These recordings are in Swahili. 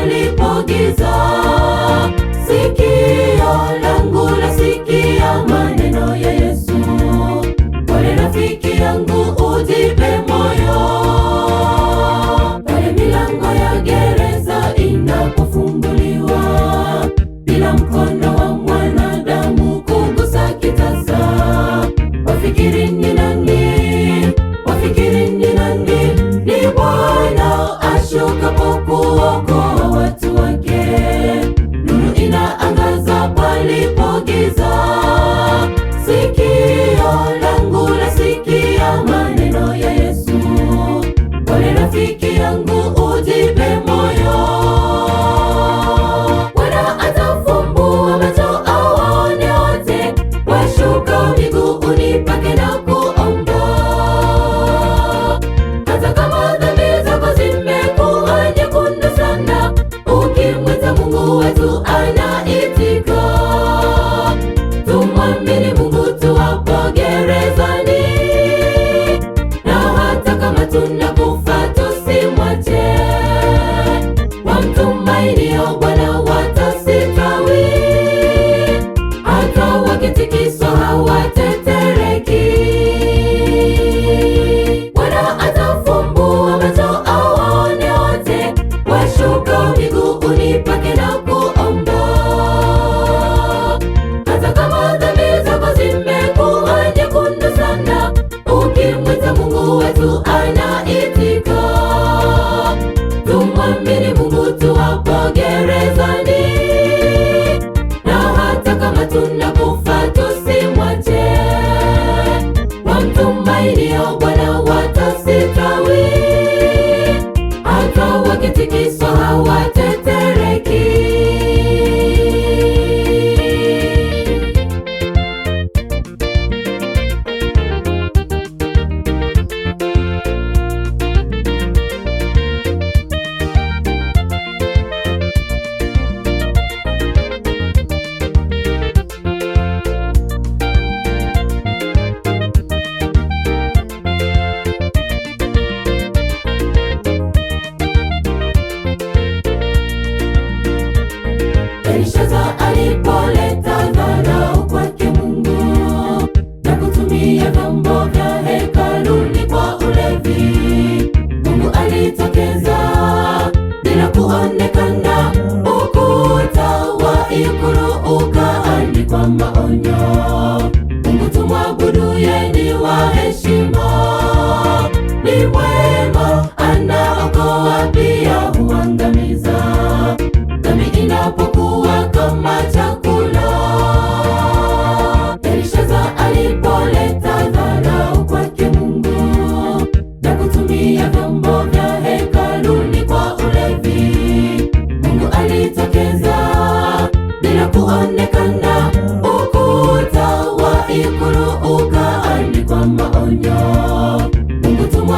palipo giza, sikio langu Nabucco. kwa maonyo. Mungu tumwabudu, yeye ni wa heshima, ni wema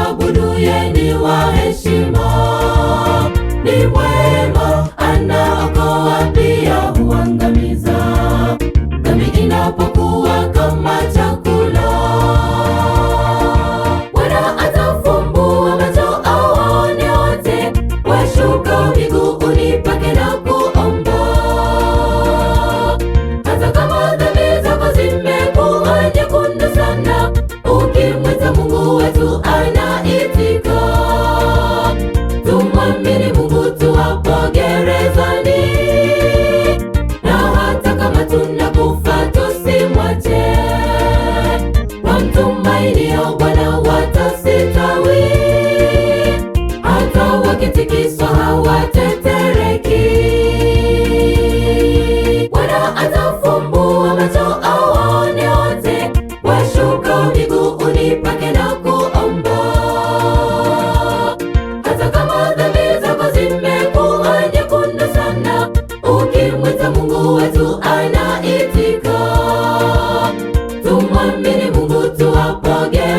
waabuduye ni wa heshima. hatetereki. Bwana atafumbua macho awaone wote, washukao miguuni pake na kuomba. Hata kama dhambi zako zimekuwa nyekundu sana, ukimwita Mungu wetu anaitika. Tumwamini Mungu tuwapoge